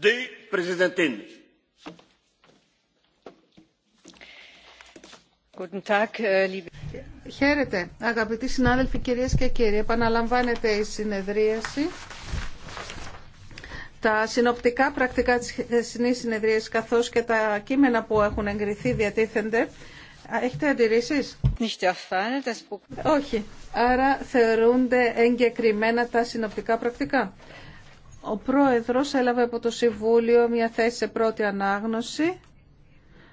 Äh, χαίρετε αγαπητοί συνάδελφοι κυρίες και κύριοι επαναλαμβάνεται η συνεδρίαση τα συνοπτικά πρακτικά της χθεσινής συνεδρίας καθώς και τα κείμενα που έχουν εγκριθεί διατίθενται έχετε αντιρρήσεις όχι άρα θεωρούνται εγκεκριμένα τα συνοπτικά πρακτικά ο Πρόεδρος έλαβε από το Συμβούλιο μια θέση σε πρώτη ανάγνωση